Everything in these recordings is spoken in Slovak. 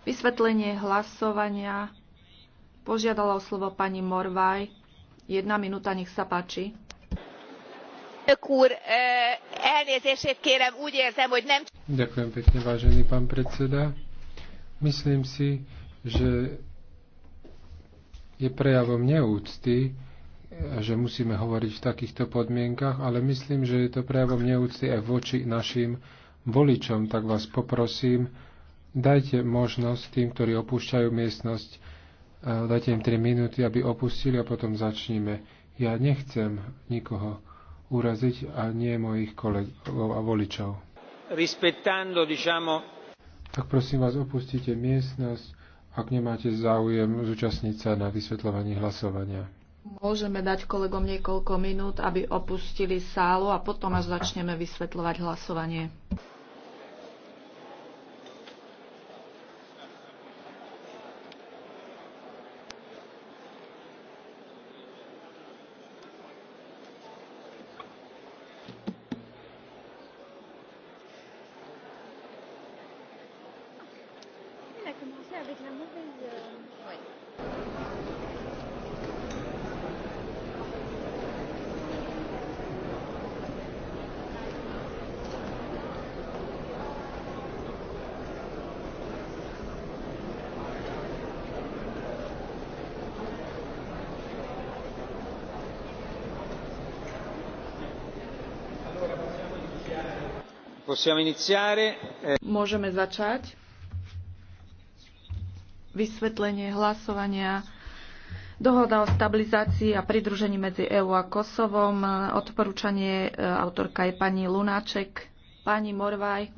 Vysvetlenie hlasovania požiadala o slovo pani Morvaj. Jedna minúta, nech sa páči. Ďakujem pekne, vážený pán predseda. Myslím si, že je prejavom neúcty, e, že musíme hovoriť v takýchto podmienkach, ale myslím, že je to prejavom neúcty aj voči našim voličom. Tak vás poprosím, Dajte možnosť tým, ktorí opúšťajú miestnosť, dajte im 3 minúty, aby opustili a potom začníme. Ja nechcem nikoho uraziť a nie mojich kolegov a voličov. Rispettando, diciamo... Tak prosím vás, opustite miestnosť, ak nemáte záujem zúčastniť sa na vysvetľovaní hlasovania. Môžeme dať kolegom niekoľko minút, aby opustili sálu a potom až začneme vysvetľovať hlasovanie. Eh, Môžeme začať. Vysvetlenie hlasovania. Dohoda o stabilizácii a pridružení medzi EÚ a Kosovom. Odporúčanie eh, autorka je pani Lunáček. Pani Morvaj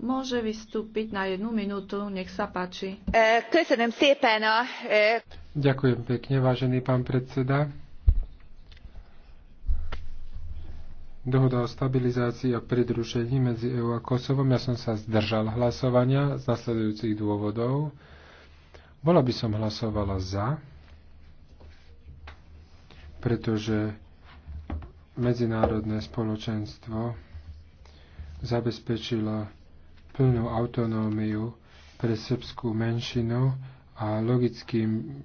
môže vystúpiť na jednu minútu. Nech sa páči. Eh, Ďakujem pekne, vážený pán predseda. dohoda o stabilizácii a pridružení medzi EU a Kosovom. Ja som sa zdržal hlasovania z nasledujúcich dôvodov. Bola by som hlasovala za, pretože medzinárodné spoločenstvo zabezpečilo plnú autonómiu pre srbskú menšinu a logickým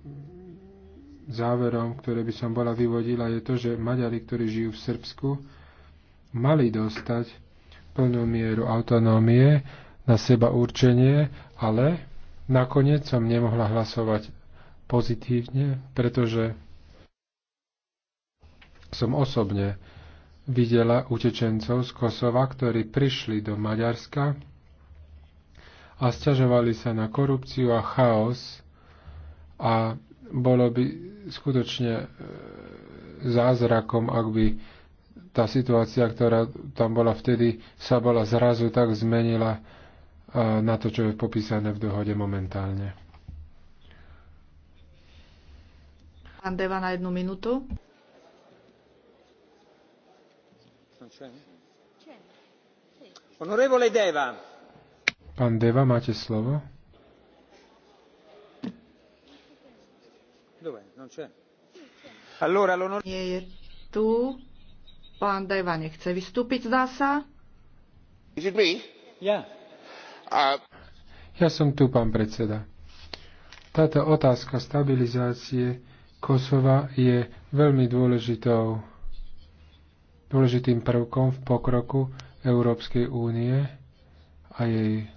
záverom, ktoré by som bola vyvodila, je to, že Maďari, ktorí žijú v Srbsku, mali dostať plnú mieru autonómie na seba určenie, ale nakoniec som nemohla hlasovať pozitívne, pretože som osobne videla utečencov z Kosova, ktorí prišli do Maďarska a sťažovali sa na korupciu a chaos a bolo by skutočne e, zázrakom, ak by tá situácia, ktorá tam bola vtedy, sa bola zrazu tak zmenila e, na to, čo je popísané v dohode momentálne. Pán Deva na jednu minútu. Honorevole Deva. Pán Deva, máte slovo? Nie je tu. Pán Deva nechce vystúpiť, zdá sa. Ja. ja som tu, pán predseda. Táto otázka stabilizácie Kosova je veľmi dôležitou, dôležitým prvkom v pokroku Európskej únie a jej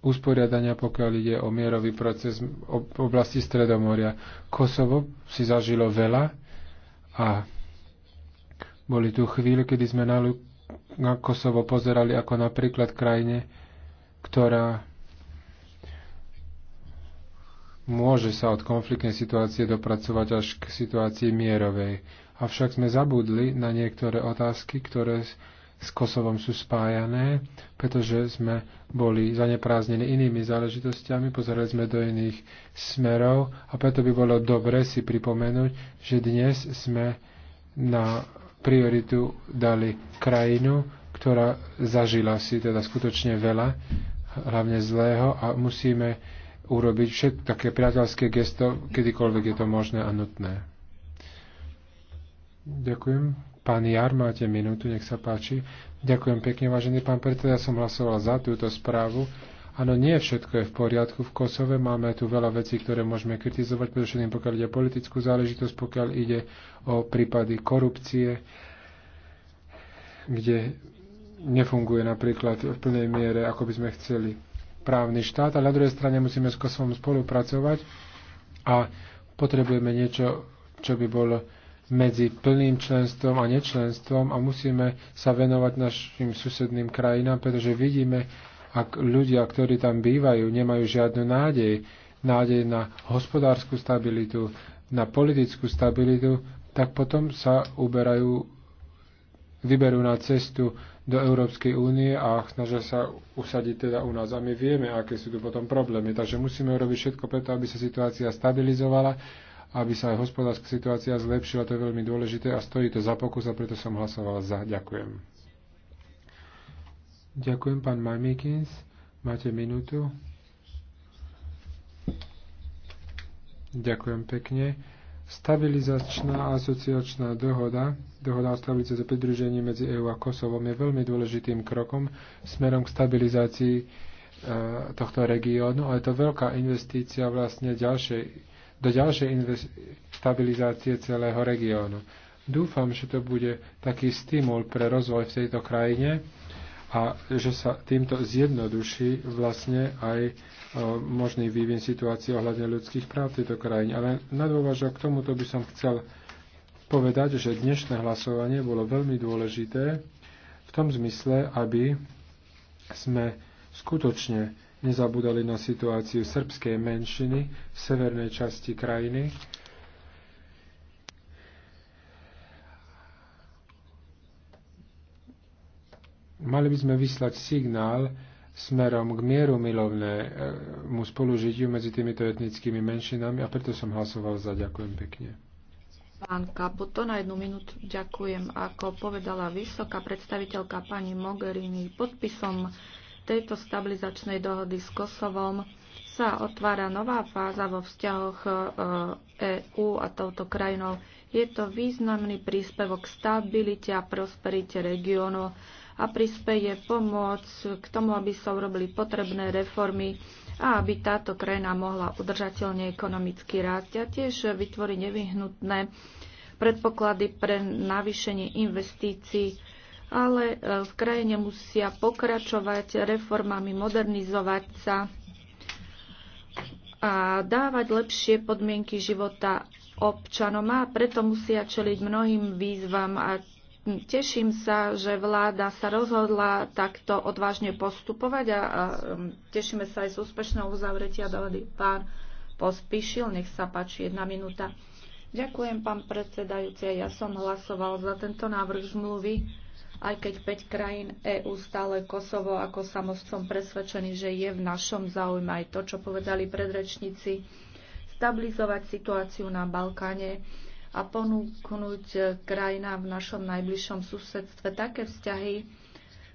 usporiadania, pokiaľ ide o mierový proces v oblasti Stredomoria. Kosovo si zažilo veľa a boli tu chvíle, kedy sme na, na Kosovo pozerali ako napríklad krajine, ktorá môže sa od konfliktnej situácie dopracovať až k situácii mierovej. Avšak sme zabudli na niektoré otázky, ktoré s Kosovom sú spájané, pretože sme boli zanepráznení inými záležitostiami, pozerali sme do iných smerov a preto by bolo dobre si pripomenúť, že dnes sme na prioritu dali krajinu, ktorá zažila si teda skutočne veľa, hlavne zlého a musíme urobiť všetko také priateľské gesto, kedykoľvek je to možné a nutné. Ďakujem. Pán Jar, máte minútu, nech sa páči. Ďakujem pekne, vážený pán predseda, ja som hlasoval za túto správu. Áno, nie všetko je v poriadku v Kosove. Máme tu veľa vecí, ktoré môžeme kritizovať, pretože pokiaľ ide o politickú záležitosť, pokiaľ ide o prípady korupcie, kde nefunguje napríklad v plnej miere, ako by sme chceli, právny štát. Ale na druhej strane musíme s Kosovom spolupracovať a potrebujeme niečo, čo by bolo medzi plným členstvom a nečlenstvom a musíme sa venovať našim susedným krajinám, pretože vidíme, ak ľudia, ktorí tam bývajú, nemajú žiadnu nádej, nádej na hospodárskú stabilitu, na politickú stabilitu, tak potom sa uberajú, vyberú na cestu do Európskej únie a snažia sa usadiť teda u nás. A my vieme, aké sú tu potom problémy. Takže musíme urobiť všetko preto, aby sa situácia stabilizovala, aby sa aj hospodárska situácia zlepšila. To je veľmi dôležité a stojí to za pokus a preto som hlasovala za. Ďakujem. Ďakujem, pán Majmikins. Máte minútu. Ďakujem pekne. Stabilizačná asociačná dohoda, dohoda o stabilizácii a pridružení medzi EÚ a Kosovom je veľmi dôležitým krokom smerom k stabilizácii e, tohto regiónu ale je to veľká investícia vlastne ďalšej, do ďalšej invest- stabilizácie celého regiónu. Dúfam, že to bude taký stimul pre rozvoj v tejto krajine a že sa týmto zjednoduší vlastne aj e, možný vývin situácie ohľadne ľudských práv tejto krajine. Ale na dôvažok k tomuto by som chcel povedať, že dnešné hlasovanie bolo veľmi dôležité v tom zmysle, aby sme skutočne nezabudali na situáciu srbskej menšiny v severnej časti krajiny Mali by sme vyslať signál smerom k mieru milovnému spolužitiu medzi týmito etnickými menšinami a preto som hlasoval za. Ďakujem pekne. Pán Kaputo, na jednu minútu ďakujem. Ako povedala vysoká predstaviteľka pani Mogherini, podpisom tejto stabilizačnej dohody s Kosovom sa otvára nová fáza vo vzťahoch EÚ e a touto krajinou. Je to významný príspevok k stabilite a prosperite regiónu a prispieje pomoc k tomu, aby sa urobili potrebné reformy a aby táto krajina mohla udržateľne ekonomicky rásť a tiež vytvorí nevyhnutné predpoklady pre navýšenie investícií, ale e, v krajine musia pokračovať reformami, modernizovať sa a dávať lepšie podmienky života občanom a preto musia čeliť mnohým výzvam a Teším sa, že vláda sa rozhodla takto odvážne postupovať a, a tešíme sa aj z úspešného uzavretia dohody. Pán Pospíšil, nech sa páči, jedna minúta. Ďakujem, pán predsedajúci. Ja som hlasoval za tento návrh zmluvy, aj keď 5 krajín EÚ stále Kosovo ako samostom presvedčený, že je v našom záujme aj to, čo povedali predrečníci, stabilizovať situáciu na Balkáne a ponúknuť krajinám v našom najbližšom susedstve také vzťahy,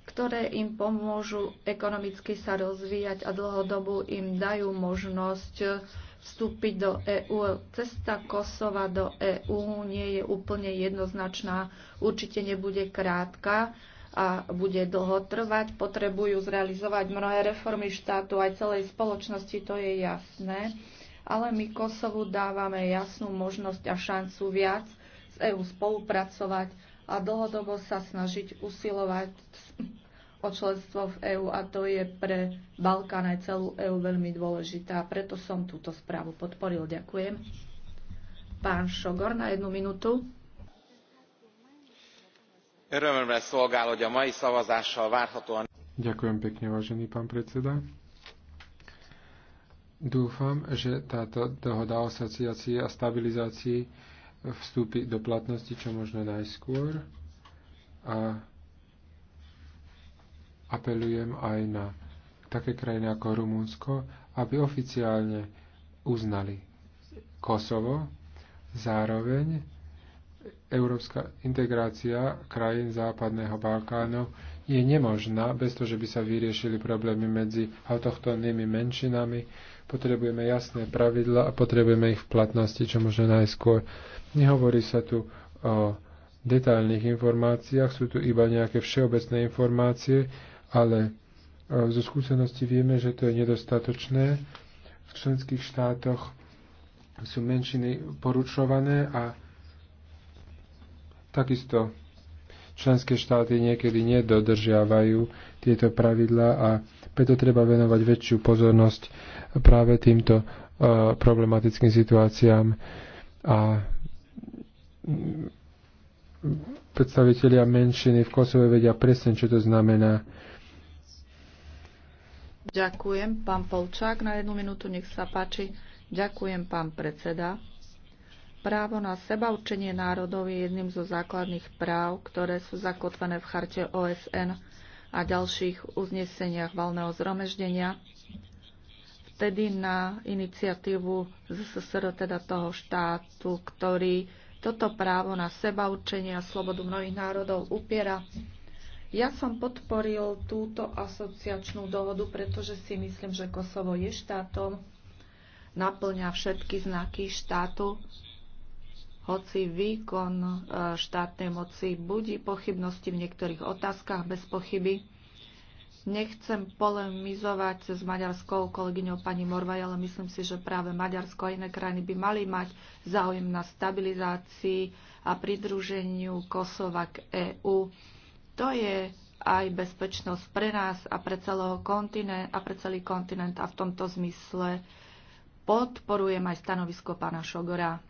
ktoré im pomôžu ekonomicky sa rozvíjať a dlhodobu im dajú možnosť vstúpiť do EÚ. Cesta Kosova do EÚ nie je úplne jednoznačná, určite nebude krátka a bude dlho trvať. Potrebujú zrealizovať mnohé reformy štátu aj celej spoločnosti, to je jasné ale my Kosovu dávame jasnú možnosť a šancu viac s EÚ spolupracovať a dlhodobo sa snažiť usilovať o členstvo v EÚ a to je pre Balkán aj celú EÚ veľmi dôležité a preto som túto správu podporil. Ďakujem. Pán Šogor na jednu minútu. Ďakujem pekne, vážený pán predseda. Dúfam, že táto dohoda o asociácii a stabilizácii vstúpi do platnosti čo možno najskôr a apelujem aj na také krajiny ako Rumunsko, aby oficiálne uznali Kosovo. Zároveň európska integrácia krajín Západného Balkánu je nemožná bez toho, že by sa vyriešili problémy medzi autochtónnymi menšinami, Potrebujeme jasné pravidla a potrebujeme ich v platnosti čo možno najskôr. Nehovorí sa tu o detailných informáciách, sú tu iba nejaké všeobecné informácie, ale e, zo skúsenosti vieme, že to je nedostatočné. V členských štátoch sú menšiny poručované a takisto členské štáty niekedy nedodržiavajú tieto pravidlá a preto treba venovať väčšiu pozornosť práve týmto e, problematickým situáciám. A predstavitelia menšiny v Kosove vedia presne, čo to znamená. Ďakujem, pán Polčák. Na jednu minútu nech sa páči. Ďakujem, pán predseda. Právo na seba určenie národov je jedným zo základných práv, ktoré sú zakotvené v charte OSN a ďalších uzneseniach valného zromeždenia. Vtedy na iniciatívu ZSSR, teda toho štátu, ktorý toto právo na seba určenie a slobodu mnohých národov upiera. Ja som podporil túto asociačnú dohodu, pretože si myslím, že Kosovo je štátom, naplňa všetky znaky štátu hoci výkon e, štátnej moci budí pochybnosti v niektorých otázkach bez pochyby. Nechcem polemizovať s maďarskou kolegyňou pani Morvaj, ale myslím si, že práve Maďarsko a iné krajiny by mali mať záujem na stabilizácii a pridruženiu Kosova k EÚ. To je aj bezpečnosť pre nás a pre, kontinent, a pre celý kontinent a v tomto zmysle podporujem aj stanovisko pána Šogora.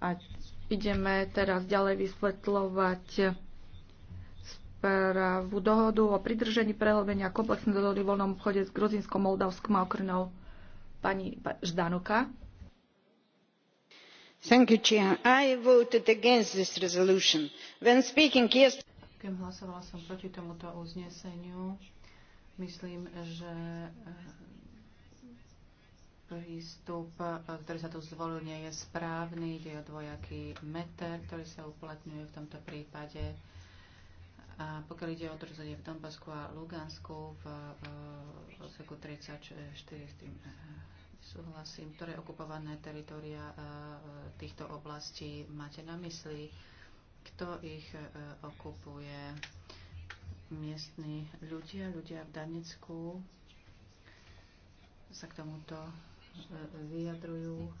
A ideme teraz ďalej vysvetľovať správu dohodu o pridržení prehlbenia komplexnej dohody v voľnom obchode s Gruzinskom, Moldavskou a Okrinou pani Ždanuka. Thank you, Chia. I voted against this resolution. When speaking yesterday... Hlasovala som proti tomuto uzneseniu. Myslím, že prístup, ktorý sa tu zvolil, nie je správny. Ide o dvojaký meter, ktorý sa uplatňuje v tomto prípade. A pokiaľ ide o to, čo sa deje v Donbasku a Lugansku v, e, v odseku 34 s tým e, súhlasím, ktoré okupované teritoria e, týchto oblastí máte na mysli, kto ich okupuje, miestni ľudia, ľudia v Danecku sa k tomuto vyjadrujú.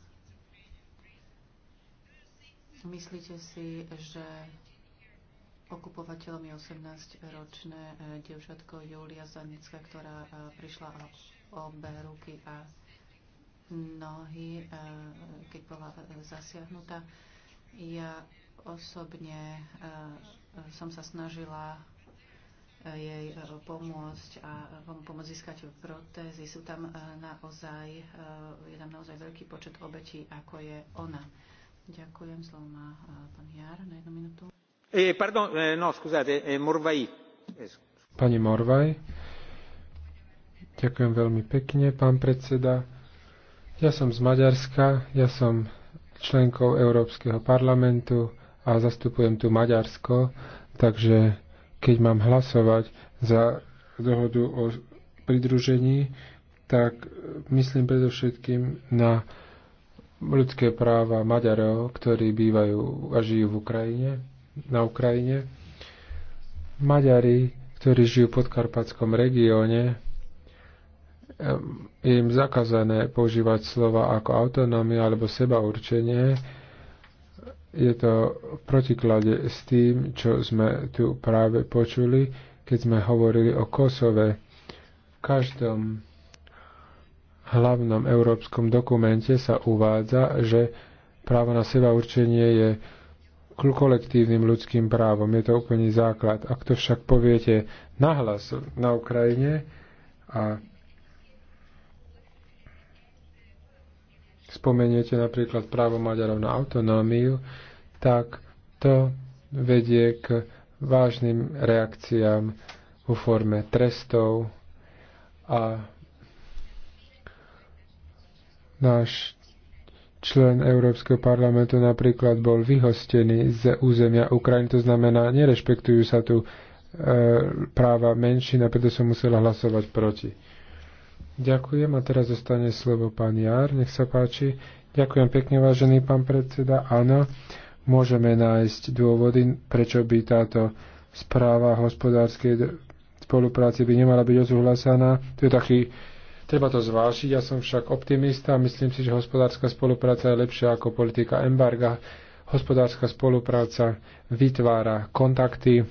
Myslíte si, že okupovateľom je 18-ročné eh, devčatko Julia Zanická, ktorá eh, prišla o obe ruky a nohy, eh, keď bola zasiahnutá. Ja osobne som sa snažila jej e, pomôcť a e, pomôcť získať protézy. Sú tam e, naozaj, je tam naozaj veľký počet obetí, ako je ona. Ďakujem, slovo má pán Jar na jednu minútu. Eh, pardon, no, skúzate, eh, Morvaj. Pani Morvaj, ďakujem veľmi pekne, pán predseda. Ja som z Maďarska, ja som členkou Európskeho parlamentu a zastupujem tu Maďarsko, takže keď mám hlasovať za dohodu o pridružení, tak myslím predovšetkým na ľudské práva Maďarov, ktorí bývajú a žijú v Ukrajine, na Ukrajine. Maďari, ktorí žijú v podkarpatskom regióne, je im zakázané používať slova ako autonómia alebo sebaurčenie, je to v protiklade s tým, čo sme tu práve počuli, keď sme hovorili o Kosove. V každom hlavnom európskom dokumente sa uvádza, že právo na seba určenie je kolektívnym ľudským právom. Je to úplný základ. Ak to však poviete nahlas na Ukrajine a spomeniete napríklad právo Maďarov na autonómiu, tak to vedie k vážnym reakciám vo forme trestov a náš člen Európskeho parlamentu napríklad bol vyhostený z územia Ukrajiny, to znamená, nerešpektujú sa tu e, práva menšina, preto som musela hlasovať proti. Ďakujem a teraz zostane slovo pán Jar. nech sa páči. Ďakujem pekne, vážený pán predseda. Áno, môžeme nájsť dôvody, prečo by táto správa hospodárskej spolupráci by nemala byť odsúhlasená. To je taký, treba to zvážiť. Ja som však optimista a myslím si, že hospodárska spolupráca je lepšia ako politika embarga. Hospodárska spolupráca vytvára kontakty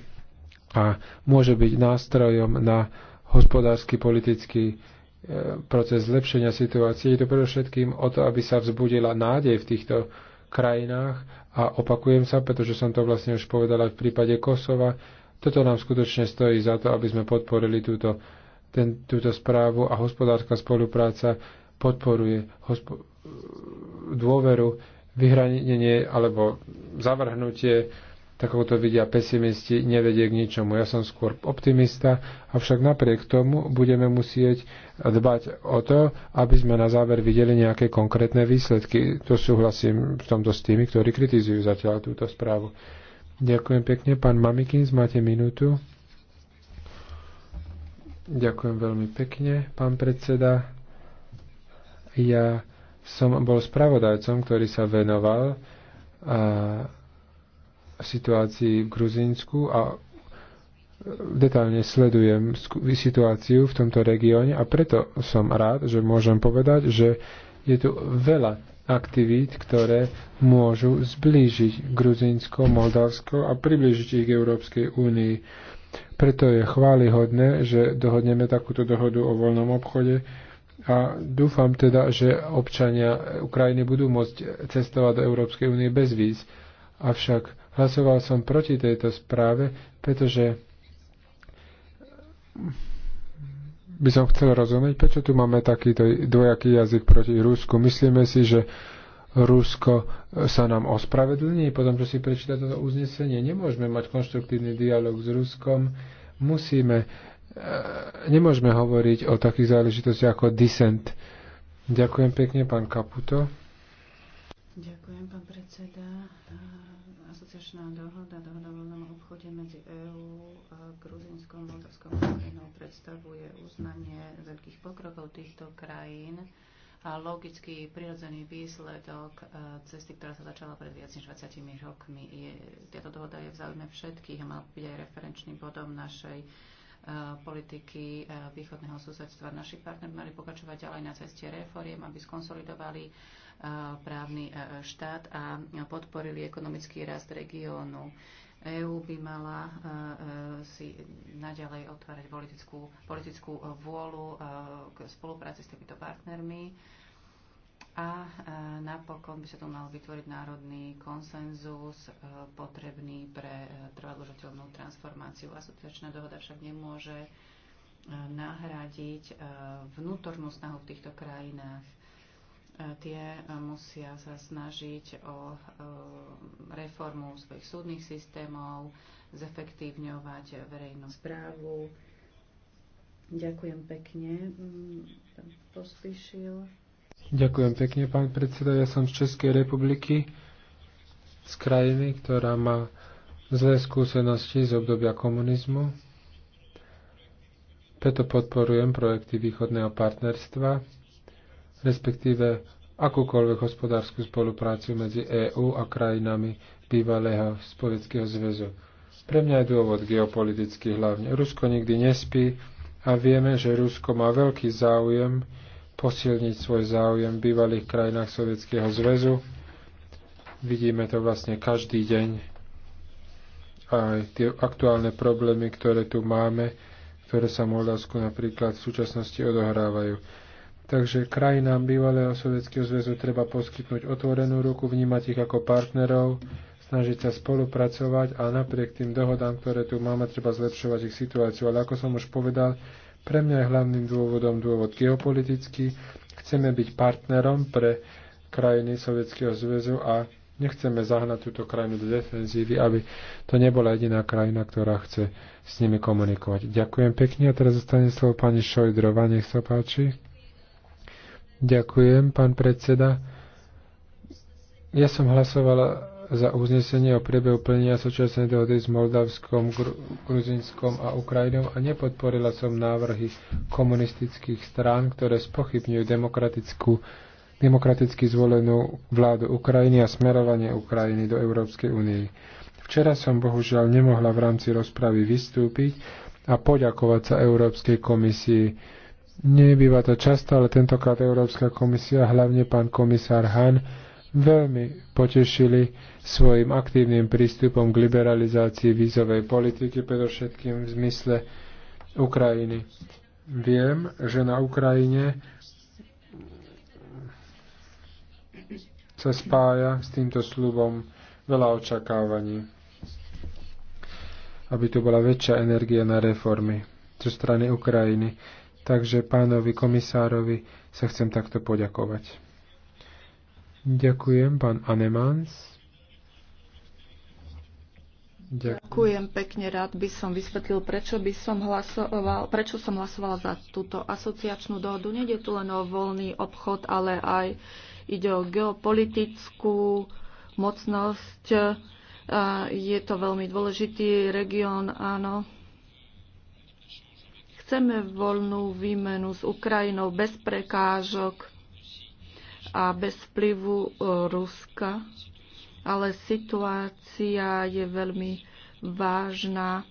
a môže byť nástrojom na hospodársky, politický proces zlepšenia situácie. Je to predovšetkým o to, aby sa vzbudila nádej v týchto krajinách a opakujem sa, pretože som to vlastne už povedala v prípade Kosova, toto nám skutočne stojí za to, aby sme podporili túto, ten, túto správu a hospodárska spolupráca podporuje hospo- dôveru, vyhranenie alebo zavrhnutie tak ako to vidia pesimisti, nevedie k ničomu. Ja som skôr optimista, avšak napriek tomu budeme musieť dbať o to, aby sme na záver videli nejaké konkrétne výsledky. To súhlasím v tomto s tými, ktorí kritizujú zatiaľ túto správu. Ďakujem pekne. Pán Mamikins, máte minútu. Ďakujem veľmi pekne, pán predseda. Ja som bol spravodajcom, ktorý sa venoval a situácii v Gruzínsku a detailne sledujem situáciu v tomto regióne a preto som rád, že môžem povedať, že je tu veľa aktivít, ktoré môžu zblížiť Gruzínsko, Moldavsko a približiť ich Európskej únii. Preto je chválihodné, že dohodneme takúto dohodu o voľnom obchode a dúfam teda, že občania Ukrajiny budú môcť cestovať do Európskej únie bez víz. Avšak hlasoval som proti tejto správe, pretože by som chcel rozumieť, prečo tu máme takýto dvojaký jazyk proti Rusku. Myslíme si, že Rusko sa nám ospravedlní, potom, čo si prečíta toto uznesenie. Nemôžeme mať konštruktívny dialog s Ruskom, musíme, eh, nemôžeme hovoriť o takých záležitostiach ako dissent. Ďakujem pekne, pán Kaputo. Ďakujem, pán predseda. Eh, asociačná dohoda, dohoda o voľnom obchode medzi EÚ a Gruzinskou Moldavskom krajinou predstavuje uznanie veľkých pokrokov týchto krajín a logický prirodzený výsledok eh, cesty, ktorá sa začala pred viac než 20 rokmi. Je, táto dohoda je v záujme všetkých a mal byť aj referenčným bodom našej eh, politiky východného susedstva. Naši partneri mali pokračovať ďalej na ceste reforiem, aby skonsolidovali právny štát a podporili ekonomický rast regiónu. EÚ by mala si naďalej otvárať politickú, politickú vôľu k spolupráci s týmito partnermi a napokon by sa tu mal vytvoriť národný konsenzus e, potrebný pre e, trvalúžateľnú transformáciu. Asociačná dohoda však nemôže e, nahradiť vnútornú snahu v týchto krajinách tie musia sa snažiť o reformu svojich súdnych systémov, zefektívňovať verejnú správu. Ďakujem pekne, mm, pán Pospíšil. Ďakujem pekne, pán predseda. Ja som z Českej republiky, z krajiny, ktorá má zlé skúsenosti z obdobia komunizmu. Preto podporujem projekty východného partnerstva respektíve akúkoľvek hospodárskú spoluprácu medzi EÚ a krajinami bývalého Sovietskeho zväzu. Pre mňa je dôvod geopolitický hlavne. Rusko nikdy nespí a vieme, že Rusko má veľký záujem posilniť svoj záujem v bývalých krajinách Sovietskeho zväzu. Vidíme to vlastne každý deň. Aj tie aktuálne problémy, ktoré tu máme, ktoré sa v Moldavsku napríklad v súčasnosti odohrávajú. Takže krajinám bývalého Sovietského zväzu treba poskytnúť otvorenú ruku, vnímať ich ako partnerov, snažiť sa spolupracovať a napriek tým dohodám, ktoré tu máme, treba zlepšovať ich situáciu. Ale ako som už povedal, pre mňa je hlavným dôvodom dôvod geopolitický. Chceme byť partnerom pre krajiny Sovietskeho zväzu a nechceme zahnať túto krajinu do defenzívy, aby to nebola jediná krajina, ktorá chce s nimi komunikovať. Ďakujem pekne a teraz zostane slovo pani Šojdrova, nech sa páči. Ďakujem, pán predseda. Ja som hlasovala za uznesenie o priebehu plnenia súčasnej dohody s Moldavskom, Gruzinskom a Ukrajinou a nepodporila som návrhy komunistických strán, ktoré spochybňujú demokratickú, demokraticky zvolenú vládu Ukrajiny a smerovanie Ukrajiny do Európskej únie. Včera som bohužiaľ nemohla v rámci rozpravy vystúpiť a poďakovať sa Európskej komisii Nebýva to často, ale tentokrát Európska komisia, hlavne pán komisár Han, veľmi potešili svojim aktívnym prístupom k liberalizácii vízovej politiky, predovšetkým v zmysle Ukrajiny. Viem, že na Ukrajine sa spája s týmto slubom veľa očakávaní, aby tu bola väčšia energia na reformy zo strany Ukrajiny. Takže pánovi komisárovi sa chcem takto poďakovať. Ďakujem, pán Anemans. Ďakujem. Ďakujem pekne, rád by som vysvetlil, prečo, by som hlasoval, prečo som hlasovala za túto asociačnú dohodu. Nede tu len o voľný obchod, ale aj ide o geopolitickú mocnosť. Je to veľmi dôležitý región, áno Chceme voľnú výmenu s Ukrajinou bez prekážok a bez vplyvu e, Ruska, ale situácia je veľmi vážna. E,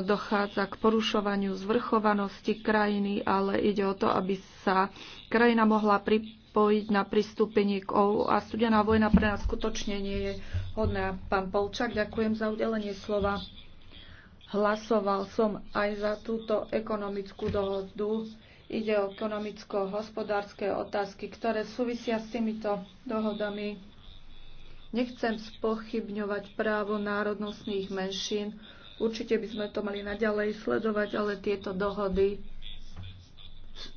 dochádza k porušovaniu zvrchovanosti krajiny, ale ide o to, aby sa krajina mohla pri, spojiť na pristúpenie k OU a studená no vojna pre nás skutočne nie je hodná. Pán Polčak, ďakujem za udelenie slova. Hlasoval som aj za túto ekonomickú dohodu. Ide o ekonomicko-hospodárske otázky, ktoré súvisia s týmito dohodami. Nechcem spochybňovať právo národnostných menšín. Určite by sme to mali naďalej sledovať, ale tieto dohody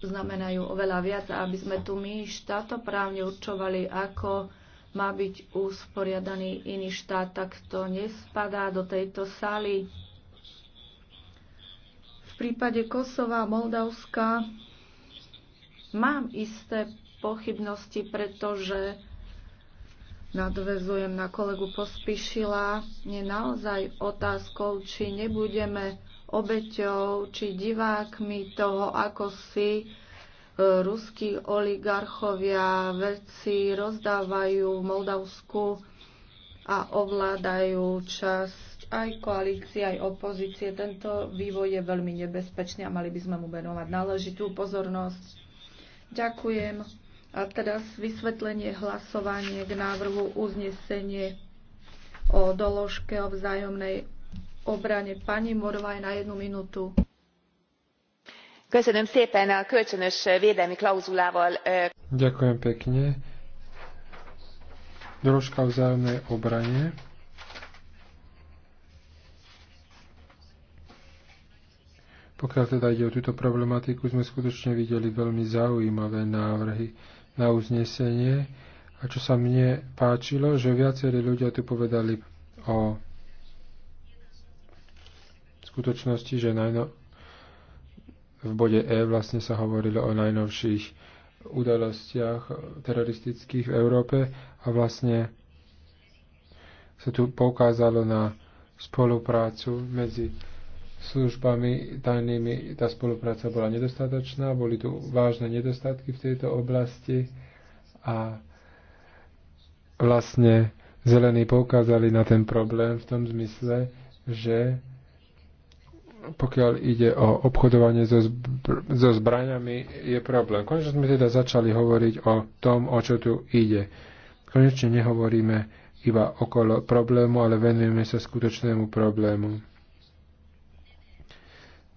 znamenajú oveľa viac, aby sme tu my štátoprávne určovali, ako má byť usporiadaný iný štát, tak to nespadá do tejto sály. V prípade Kosova a Moldavska mám isté pochybnosti, pretože nadvezujem na kolegu Pospišila, je naozaj otázkou, či nebudeme obeťou či divákmi toho, ako si e, ruskí oligarchovia, vedci rozdávajú v Moldavsku a ovládajú časť aj koalície, aj opozície. Tento vývoj je veľmi nebezpečný a mali by sme mu venovať náležitú pozornosť. Ďakujem. A teraz vysvetlenie hlasovanie k návrhu uznesenie o doložke o vzájomnej obrane. Pani Morová je na jednu minútu. Köszönöm szépen a kölcsönös védelmi klauzulával. Ďakujem pekne. Drožka o vzájomnej obrane. Pokiaľ teda ide o túto problematiku, sme skutočne videli veľmi zaujímavé návrhy na uznesenie. A čo sa mne páčilo, že viacerí ľudia tu povedali o skutočnosti, že najno... v bode E vlastne sa hovorilo o najnovších udalostiach teroristických v Európe a vlastne sa tu poukázalo na spoluprácu medzi službami tajnými. Tá spolupráca bola nedostatočná, boli tu vážne nedostatky v tejto oblasti a vlastne zelení poukázali na ten problém v tom zmysle, že pokiaľ ide o obchodovanie so, zbr- so zbraňami, je problém. Konečne sme teda začali hovoriť o tom, o čo tu ide. Konečne nehovoríme iba okolo problému, ale venujeme sa skutočnému problému.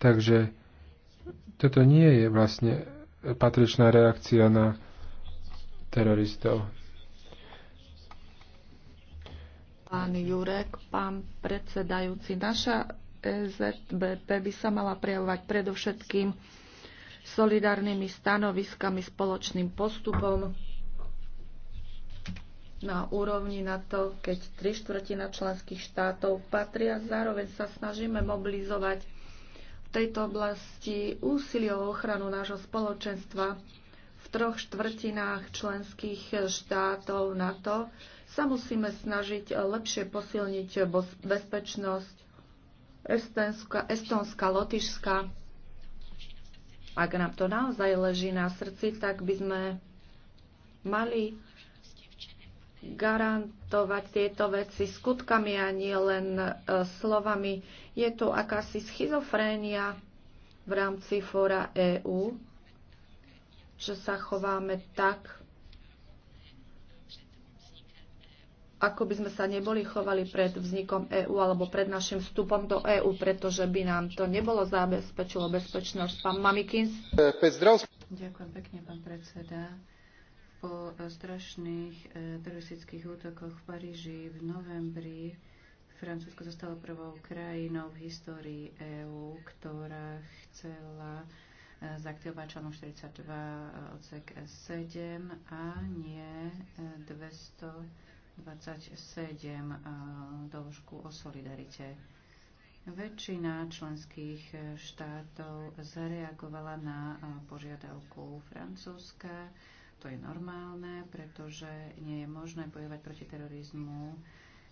Takže toto nie je vlastne patričná reakcia na teroristov. Pán Jurek, pán predsedajúci, naša EZBP by sa mala prejavovať predovšetkým solidárnymi stanoviskami, spoločným postupom na úrovni na to, keď tri štvrtina členských štátov patria. Zároveň sa snažíme mobilizovať v tejto oblasti úsilie o ochranu nášho spoločenstva v troch štvrtinách členských štátov na to, sa musíme snažiť lepšie posilniť bezpečnosť Estonska, Estonska Lotyšska. Ak nám to naozaj leží na srdci, tak by sme mali garantovať tieto veci skutkami a nie len e, slovami. Je tu akási schizofrénia v rámci fóra EÚ, že sa chováme tak, ako by sme sa neboli chovali pred vznikom EÚ alebo pred našim vstupom do EÚ, pretože by nám to nebolo zabezpečilo bezpečnosť. Pán Mamikins. Ďakujem pekne, pán predseda. Po eh, strašných eh, teroristických útokoch v Paríži v novembri Francúzsko zostalo prvou krajinou v histórii EÚ, ktorá chcela eh, zaktivovať článok 42 odsek 7 a nie 200 27 doložku o solidarite. Väčšina členských štátov zareagovala na požiadavku Francúzska. To je normálne, pretože nie je možné bojovať proti terorizmu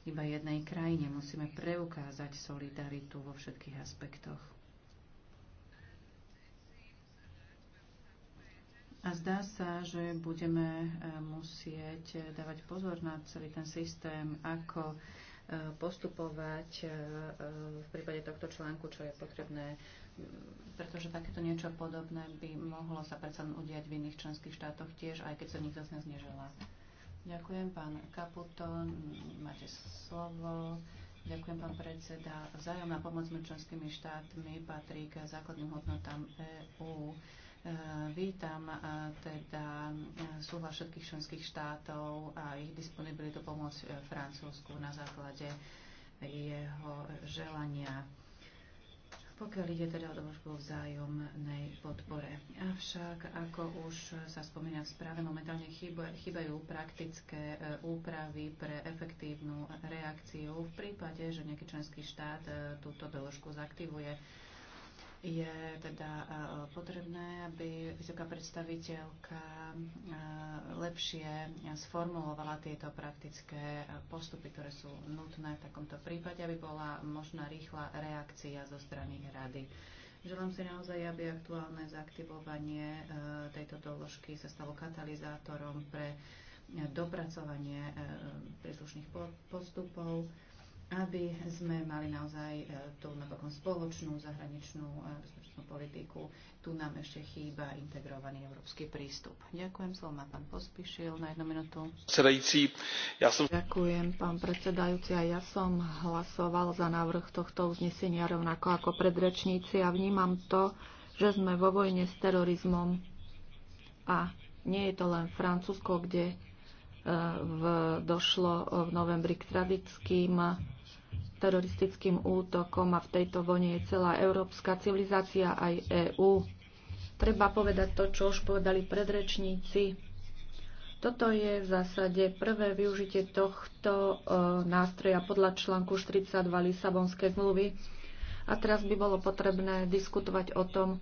iba jednej krajine. Musíme preukázať solidaritu vo všetkých aspektoch. A zdá sa, že budeme e, musieť e, dávať pozor na celý ten systém, ako e, postupovať v prípade tohto článku, čo je potrebné, pretože takéto niečo podobné by mohlo sa predsa udiať v iných členských štátoch tiež, aj keď sa nikto z nás neželá. Ďakujem, pán Kaputo, máte slovo. Ďakujem, pán predseda. Vzájomná pomoc medzi členskými štátmi patrí k základným hodnotám EÚ. Eh, vítam eh, teda eh, súhlas všetkých členských štátov a ich disponibilitu pomôcť Francúzsku na základe jeho želania pokiaľ ide teda o dĺžku vzájomnej podpore. Avšak, ako už sa spomína v správe, momentálne chýbajú praktické úpravy pre efektívnu reakciu v prípade, že nejaký členský štát túto dĺžku zaktivuje je teda eh, potrebné, aby vysoká predstaviteľka eh, lepšie sformulovala tieto praktické eh, postupy, ktoré sú nutné v takomto prípade, aby bola možná rýchla reakcia zo strany rady. Želám si naozaj, aby aktuálne zaktivovanie tejto doložky sa stalo katalizátorom pre dopracovanie príslušných postupov aby sme mali naozaj e, tú napokon spoločnú zahraničnú e, bezpečnostnú politiku. Tu nám ešte chýba integrovaný európsky prístup. Ďakujem, slovo má pán Pospíšil na jednu minútu. ja som... Ďakujem, pán predsedajúci, a ja som hlasoval za návrh tohto uznesenia rovnako ako predrečníci a vnímam to, že sme vo vojne s terorizmom a nie je to len Francúzsko, kde e, v, došlo v novembri k tradickým teroristickým útokom a v tejto vojne je celá európska civilizácia aj EÚ. Treba povedať to, čo už povedali predrečníci. Toto je v zásade prvé využitie tohto e, nástroja podľa článku 42 Lisabonskej zmluvy. A teraz by bolo potrebné diskutovať o tom,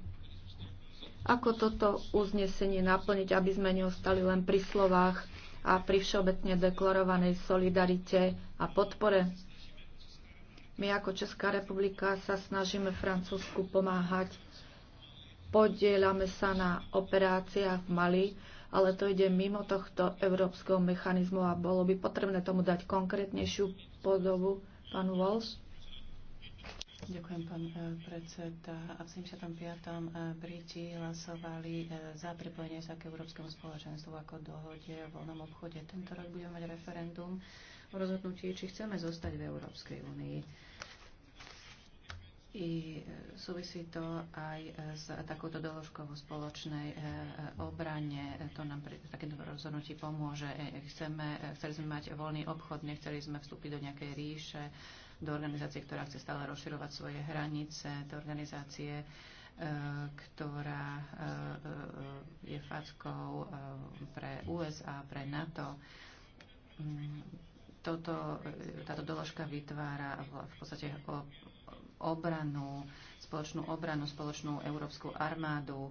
ako toto uznesenie naplniť, aby sme neostali len pri slovách a pri všeobecne deklarovanej solidarite a podpore. My ako Česká republika sa snažíme Francúzsku pomáhať. Podielame sa na operáciách v Mali, ale to ide mimo tohto európskeho mechanizmu a bolo by potrebné tomu dať konkrétnejšiu podobu. Pán Walsh. Ďakujem, pán eh, predseda. A v 75. Eh, Briti hlasovali eh, za pripojenie sa k Európskemu spoločenstvu ako dohode o voľnom obchode. Tento rok budeme mať referendum o rozhodnutí, či chceme zostať v Európskej únii. I e, súvisí to aj e, s takouto doložkou o spoločnej e, obrane. To nám pri takéto rozhodnutí pomôže. Chceme, chceli sme mať voľný obchod, nechceli sme vstúpiť do nejakej ríše, do organizácie, ktorá chce stále rozširovať svoje hranice, do organizácie, ktorá je fackou pre USA, pre NATO mm, toto, táto doložka vytvára v podstate obranu, spoločnú obranu, spoločnú európsku armádu.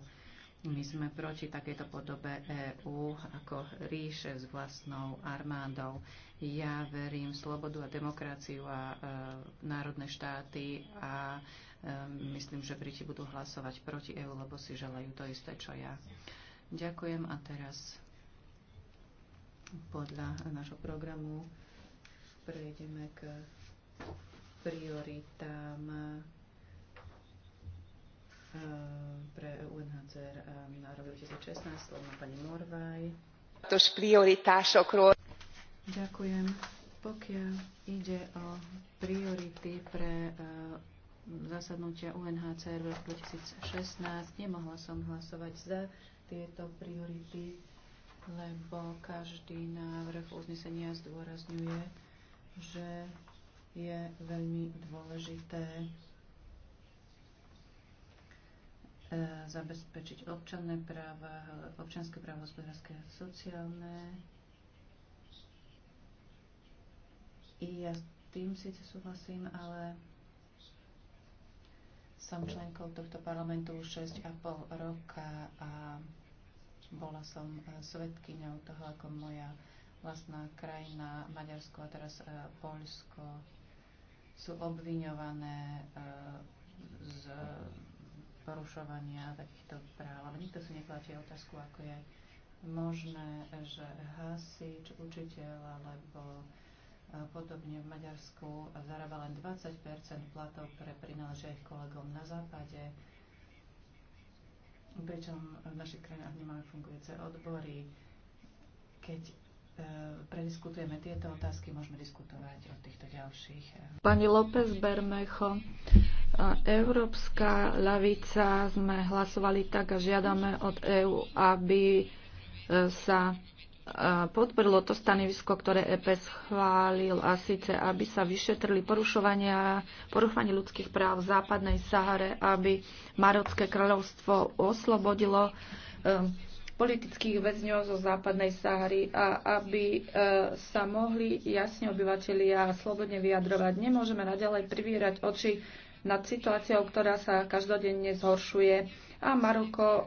My sme proti takejto podobe EÚ ako ríše s vlastnou armádou. Ja verím v slobodu a demokraciu a e, národné štáty a e, myslím, že Briti budú hlasovať proti EÚ, lebo si želajú to isté, čo ja. Ďakujem a teraz podľa nášho programu prejdeme k prioritám eh, pre UNHCR na rok 2016. Slovo má pani Morvaj. Tož prioritásokról. Ďakujem. Pokiaľ ide o priority pre eh, zasadnutia UNHCR v roku 2016, nemohla som hlasovať za tieto priority, lebo každý návrh uznesenia zdôrazňuje, že je veľmi dôležité e, zabezpečiť občanné práva, občanské práva, hospodárske a sociálne. I ja s tým síce súhlasím, ale som členkou tohto parlamentu už 6,5 roka a bola som e, svetkyňou toho, ako moja vlastná krajina, Maďarsko a teraz e, Polsko sú obviňované e, z porušovania takýchto práv. Ale nikto si nekladie otázku, ako je možné, že hasič, učiteľ alebo e, podobne v Maďarsku zarába len 20 platov pre ich kolegom na západe, pričom v našich krajinách nemajú fungujúce odbory. Keď E, prediskutujeme tieto otázky, môžeme diskutovať o týchto ďalších. Pani López Bermecho, e, Európska lavica sme hlasovali tak a žiadame od EÚ, aby e, sa podporilo to stanovisko, ktoré EP schválil a síce, aby sa vyšetrili porušovania, porušovanie ľudských práv v západnej Sahare, aby Marocké kráľovstvo oslobodilo politických väzňov zo západnej Sahary a aby e, sa mohli jasne obyvateľia slobodne vyjadrovať. Nemôžeme naďalej privírať oči nad situáciou, ktorá sa každodenne zhoršuje a Maroko e,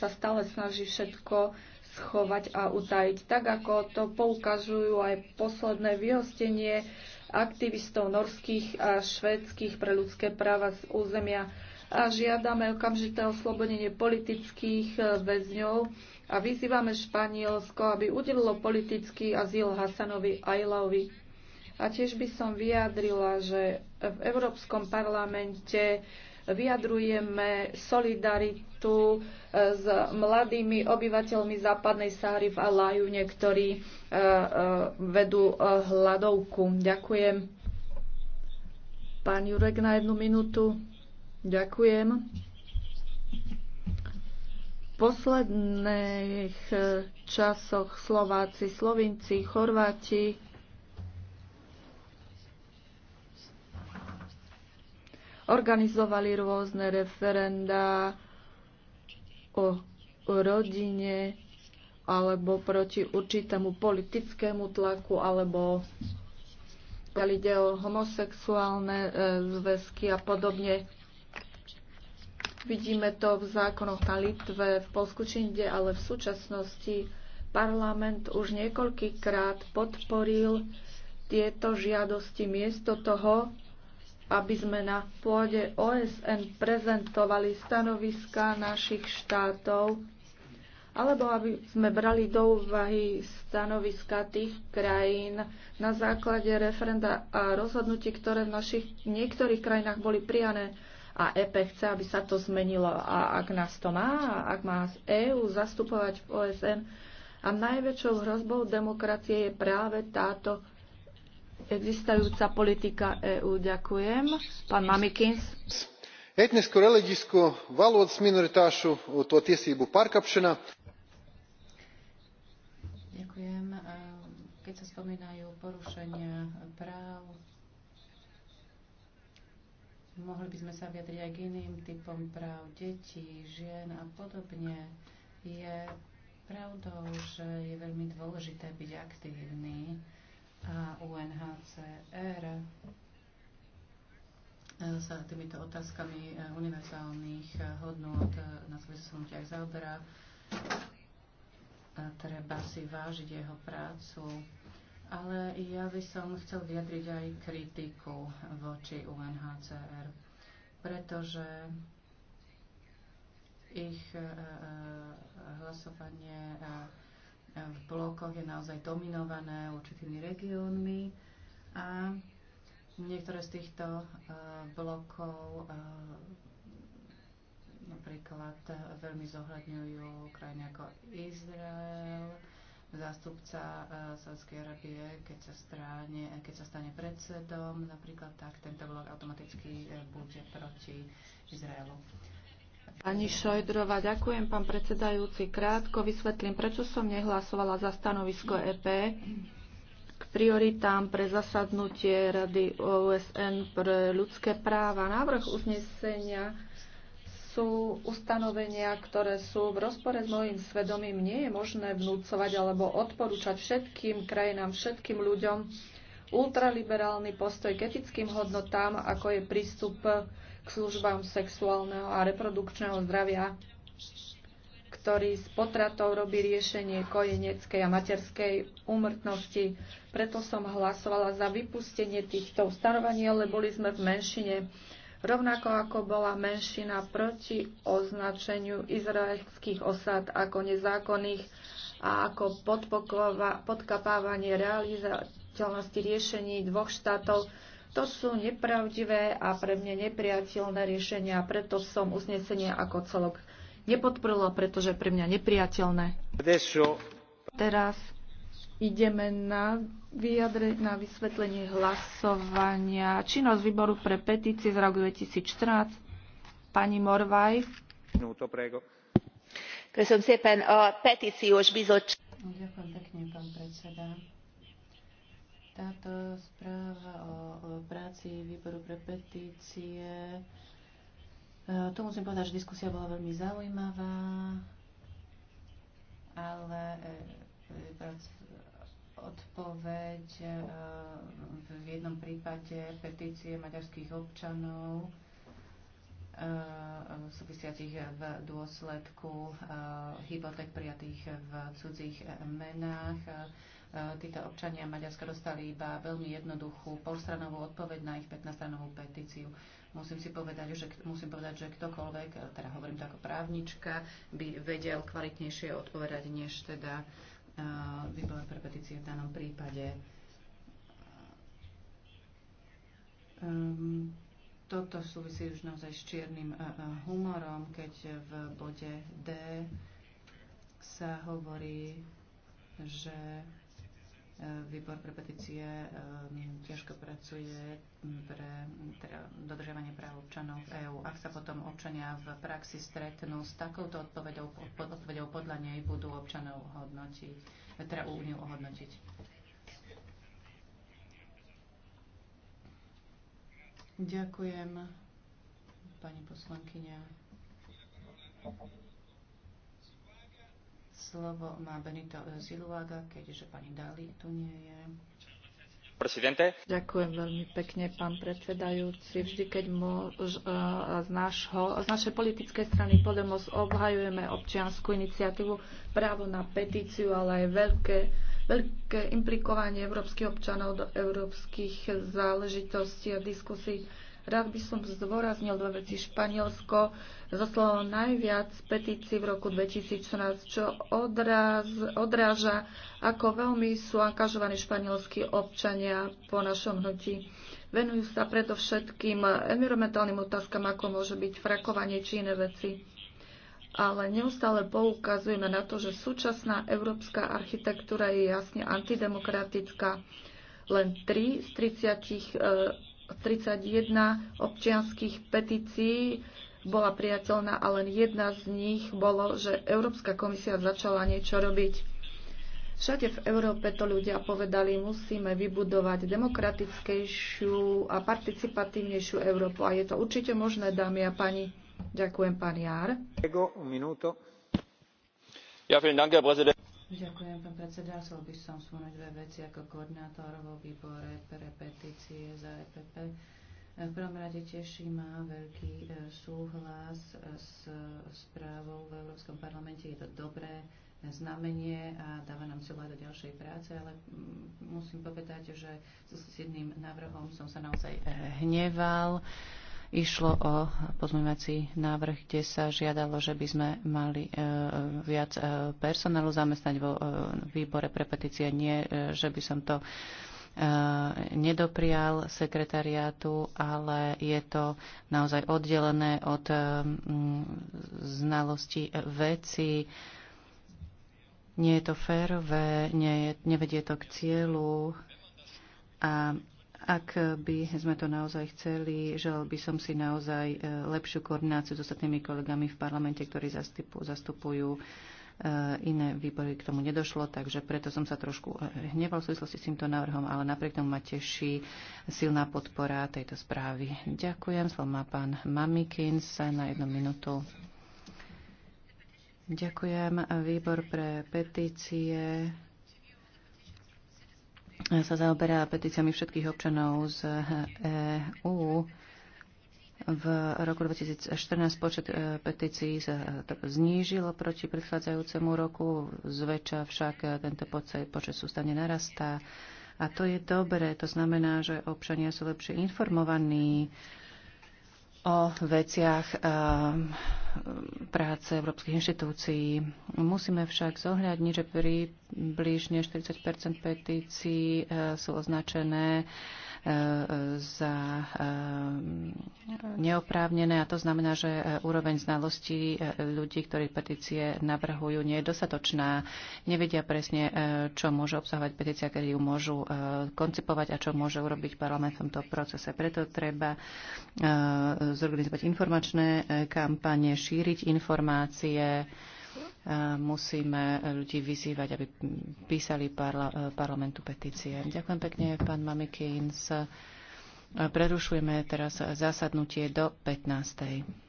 sa stále snaží všetko schovať a utajiť. Tak ako to poukazujú aj posledné vyhostenie aktivistov norských a švédskych pre ľudské práva z územia a žiadame okamžité oslobodenie politických e, väzňov a vyzývame Španielsko, aby udelilo politický azyl Hasanovi Ajlovi. A tiež by som vyjadrila, že v Európskom parlamente vyjadrujeme solidaritu e, s mladými obyvateľmi západnej Sahary v Alaju ktorí e, e, vedú hladovku. Ďakujem. Pán Jurek na jednu minútu. Ďakujem posledných eh, časoch Slováci, Slovinci, Chorváti organizovali rôzne referendá o rodine alebo proti určitému politickému tlaku alebo ide o homosexuálne eh, zväzky a podobne. Vidíme to v zákonoch na Litve, v Polsku či inde, ale v súčasnosti parlament už niekoľkýkrát podporil tieto žiadosti miesto toho, aby sme na pôde OSN prezentovali stanoviska našich štátov, alebo aby sme brali do úvahy stanoviska tých krajín na základe referenda a rozhodnutí, ktoré v našich niektorých krajinách boli prijané a EP chce, aby sa to zmenilo. A ak nás to má, a ak má EÚ zastupovať v OSN, a najväčšou hrozbou demokracie je práve táto existujúca politika EÚ. Ďakujem. Pán Mamikins. Etnisko reliģisko s minoritášu to tiesību pārkāpšana. Ďakujem. Keď sa spomínajú porušenia práv Mohli by sme sa vyjadriť aj k iným typom práv detí, žien a podobne. Je pravdou, že je veľmi dôležité byť aktívny a UNHCR sa týmito otázkami eh, univerzálnych eh, hodnot eh, na svojich zasunutiach zaoberá. Treba si vážiť jeho prácu ale ja by som chcel vyjadriť aj kritiku voči UNHCR, pretože ich e, e, hlasovanie e, v blokoch je naozaj dominované určitými regiónmi a niektoré z týchto blokov napríklad veľmi zohľadňujú krajiny ako Izrael, zástupca eh, Sádskej Arabie, keď sa, stráne, eh, keď sa stane predsedom napríklad, tak tento blok automaticky eh, bude proti Izraelu. Pani Šojdrova, ďakujem, pán predsedajúci. Krátko vysvetlím, prečo som nehlasovala za stanovisko EP k prioritám pre zasadnutie Rady OSN pre ľudské práva. Návrh uznesenia sú ustanovenia, ktoré sú v rozpore s mojim svedomím. Nie je možné vnúcovať alebo odporúčať všetkým krajinám, všetkým ľuďom ultraliberálny postoj k etickým hodnotám, ako je prístup k službám sexuálneho a reprodukčného zdravia, ktorý s potratou robí riešenie kojeneckej a materskej úmrtnosti. Preto som hlasovala za vypustenie týchto ustanovaní, ale boli sme v menšine rovnako ako bola menšina proti označeniu izraelských osad ako nezákonných a ako podkapávanie realizateľnosti riešení dvoch štátov. To sú nepravdivé a pre mňa nepriateľné riešenia, preto som uznesenie ako celok nepodporila, pretože pre mňa nepriateľné. Teraz ideme na, vyjadre, na vysvetlenie hlasovania. Činnosť výboru pre petície z roku 2014. Pani Morvaj. Minúto, prego. Köszönöm szépen a petíciós bizottság. Ďakujem pekne, pán predseda. Táto správa o práci výboru pre petície, e, tu musím povedať, že diskusia bola veľmi zaujímavá, ale e, e, odpoveď eh, v jednom prípade petície maďarských občanov eh, súvisiacich v dôsledku eh, hypoték prijatých v cudzích menách. Títo občania Maďarska dostali iba veľmi jednoduchú polstranovú odpoveď na ich 15-stranovú petíciu. Musím si povedať, že, musím povedať, že ktokoľvek, teda hovorím to ako právnička, by vedel kvalitnejšie odpovedať, než teda uh, výbor pre petície v danom prípade. Ehm, toto súvisí už naozaj s čiernym e, e, humorom, keď v bode D sa hovorí, že Výbor pre petície e, ťažko pracuje pre teda dodržiavanie práv občanov v EÚ. Ak sa potom občania v praxi stretnú s takouto odpovedou, odpovedou podľa nej budú občanov hodnotiť, teda úniu ohodnotiť. Ďakujem, pani poslankyňa. Slovo má Benito Ziluaga, keďže pani Dali tu nie je. Presidente. Ďakujem veľmi pekne, pán predsedajúci. Vždy, keď môž, e, z, našho, z našej politickej strany Podemos obhajujeme občianskú iniciatívu, právo na petíciu, ale aj veľké, veľké implikovanie európskych občanov do európskych záležitostí a diskusí Rád by som zdôraznil dve veci. Španielsko zoslalo najviac petícií v roku 2016, čo odraz, odráža, ako veľmi sú angažovaní španielskí občania po našom hnutí. Venujú sa predovšetkým environmentálnym otázkam, ako môže byť frakovanie či iné veci. Ale neustále poukazujeme na to, že súčasná európska architektúra je jasne antidemokratická. Len 3 z 30 31 občianských petícií bola priateľná a len jedna z nich bolo, že Európska komisia začala niečo robiť. Všade v Európe to ľudia povedali, musíme vybudovať demokratickejšiu a participatívnejšiu Európu. A je to určite možné, dámy a pani. Ďakujem, pán Jár. Ja, Ďakujem, pán predseda. Chcel by som spomenúť dve veci ako koordinátor vo výbore pre petície za EPP. V prvom rade teší ma veľký e, súhlas e, s správou v Európskom parlamente. Je to dobré znamenie a dáva nám sila do ďalšej práce, ale mm, musím povedať, že s jedným návrhom som sa naozaj e, hneval. Išlo o pozmeňovací návrh, kde sa žiadalo, že by sme mali e, viac e, personálu zamestnať vo e, výbore pre petície. Nie, že by som to nedoprial sekretariátu, ale je to naozaj oddelené od znalosti veci. Nie je to férové, nevedie to k cieľu a ak by sme to naozaj chceli, želal by som si naozaj e, lepšiu koordináciu s ostatnými kolegami v parlamente, ktorí zastupujú e, iné výbory k tomu nedošlo, takže preto som sa trošku e, hneval v súvislosti s týmto návrhom, ale napriek tomu ma teší silná podpora tejto správy. Ďakujem, slovo má pán Mamikins na jednu minútu. Ďakujem. Výbor pre petície sa zaoberá petíciami všetkých občanov z EÚ. V roku 2014 počet e, petícií sa e, znížil proti predchádzajúcemu roku, zväčša však e, tento počet sústane narastá. A to je dobré, to znamená, že občania sú lepšie informovaní, o veciach eh, práce európskych inštitúcií. Musíme však zohľadniť, že približne 40 petícií eh, sú označené za ehm, neoprávnené a to znamená, že e, úroveň znalostí e, ľudí, ktorí petície navrhujú, nie je dostatočná. Nevedia presne, e, čo môže obsahovať petícia, kedy ju môžu koncipovať a čo môže urobiť parlament v tomto procese. Preto treba zorganizovať informačné kampane, šíriť informácie, musíme ľudí vyzývať, aby písali parla, parlamentu petície. Ďakujem pekne, pán Mamikins. Prerušujeme teraz zasadnutie do 15.